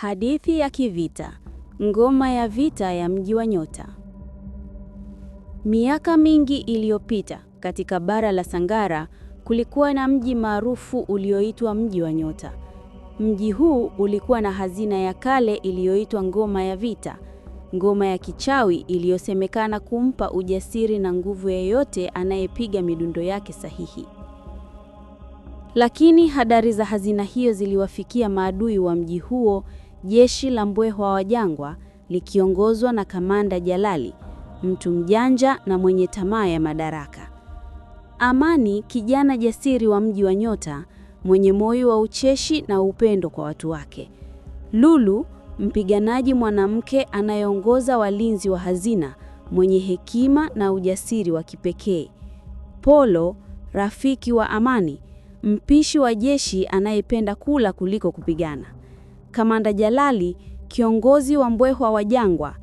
Hadithi ya kivita, ngoma ya vita ya mji wa nyota. Miaka mingi iliyopita, katika bara la Sangara kulikuwa na mji maarufu ulioitwa mji wa nyota. Mji huu ulikuwa na hazina ya kale iliyoitwa ngoma ya vita, ngoma ya kichawi iliyosemekana kumpa ujasiri na nguvu yeyote anayepiga midundo yake sahihi. Lakini hadari za hazina hiyo ziliwafikia maadui wa mji huo jeshi la mbweha wa jangwa likiongozwa na kamanda Jalali, mtu mjanja na mwenye tamaa ya madaraka. Amani, kijana jasiri wa mji wa nyota, mwenye moyo wa ucheshi na upendo kwa watu wake. Lulu, mpiganaji mwanamke anayeongoza walinzi wa hazina, mwenye hekima na ujasiri wa kipekee. Polo, rafiki wa Amani, mpishi wa jeshi anayependa kula kuliko kupigana. Kamanda Jalali, kiongozi wa mbwehwa wa jangwa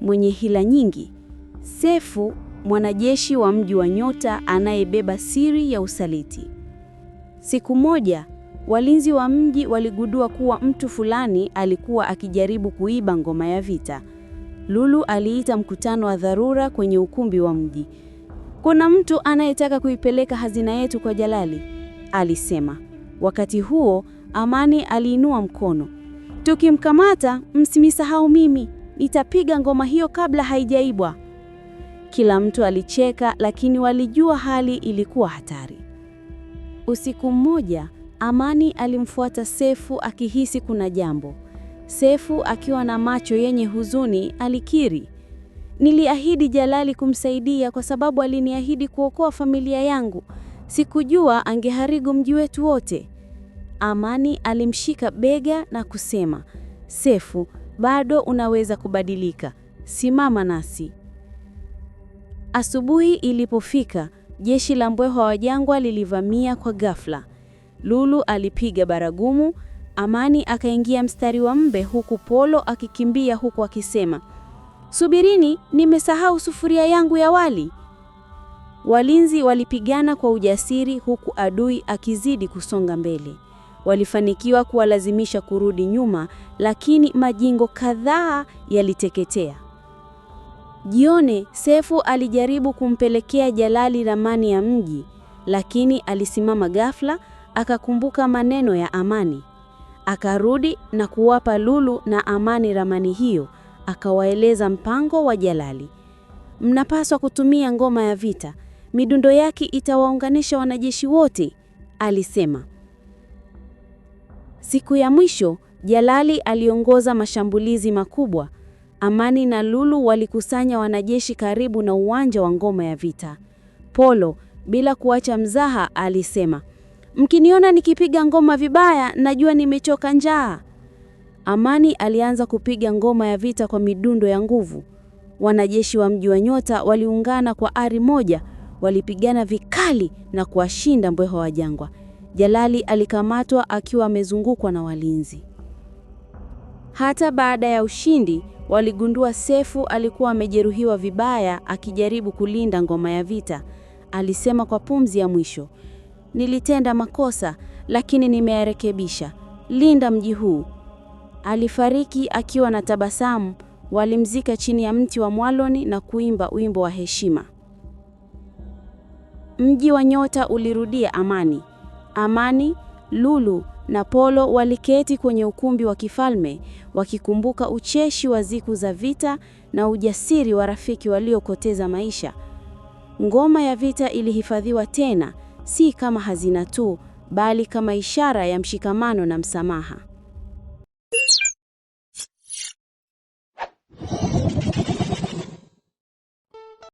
mwenye hila nyingi, Sefu, mwanajeshi wa mji wa nyota anayebeba siri ya usaliti. Siku moja, walinzi wa mji waligundua kuwa mtu fulani alikuwa akijaribu kuiba ngoma ya vita. Lulu aliita mkutano wa dharura kwenye ukumbi wa mji. Kuna mtu anayetaka kuipeleka hazina yetu kwa Jalali, alisema. Wakati huo Amani aliinua mkono. Tukimkamata msimisahau mimi, nitapiga ngoma hiyo kabla haijaibwa. Kila mtu alicheka, lakini walijua hali ilikuwa hatari. Usiku mmoja, Amani alimfuata Sefu akihisi kuna jambo. Sefu akiwa na macho yenye huzuni alikiri, niliahidi Jalali kumsaidia kwa sababu aliniahidi kuokoa familia yangu. Sikujua angeharibu mji wetu wote. Amani alimshika bega na kusema, Sefu, bado unaweza kubadilika. Simama nasi. Asubuhi ilipofika, jeshi la mbweha wa jangwa lilivamia kwa ghafla. Lulu alipiga baragumu, Amani akaingia mstari wa mbe huku Polo akikimbia huku akisema, Subirini, nimesahau sufuria yangu ya wali. Walinzi walipigana kwa ujasiri huku adui akizidi kusonga mbele walifanikiwa kuwalazimisha kurudi nyuma, lakini majengo kadhaa yaliteketea. Jioni, Sefu alijaribu kumpelekea Jalali ramani ya mji, lakini alisimama ghafla, akakumbuka maneno ya Amani. Akarudi na kuwapa Lulu na Amani ramani hiyo, akawaeleza mpango wa Jalali. Mnapaswa kutumia ngoma ya vita, midundo yake itawaunganisha wanajeshi wote, alisema. Siku ya mwisho, Jalali aliongoza mashambulizi makubwa. Amani na Lulu walikusanya wanajeshi karibu na uwanja wa ngoma ya vita. Polo, bila kuacha mzaha, alisema, "Mkiniona nikipiga ngoma vibaya, najua nimechoka njaa." Amani alianza kupiga ngoma ya vita kwa midundo ya nguvu. Wanajeshi wa Mji wa Nyota waliungana kwa ari moja, walipigana vikali na kuwashinda mbweha wa jangwa. Jalali alikamatwa akiwa amezungukwa na walinzi. Hata baada ya ushindi, waligundua Sefu alikuwa amejeruhiwa vibaya akijaribu kulinda ngoma ya vita. Alisema kwa pumzi ya mwisho, nilitenda makosa lakini nimeyarekebisha, linda mji huu. Alifariki akiwa na tabasamu. Walimzika chini ya mti wa mwaloni na kuimba wimbo wa heshima. Mji wa nyota ulirudia amani. Amani, Lulu na Polo waliketi kwenye ukumbi wa kifalme wakikumbuka ucheshi wa siku za vita na ujasiri wa rafiki waliopoteza maisha. Ngoma ya vita ilihifadhiwa tena, si kama hazina tu, bali kama ishara ya mshikamano na msamaha.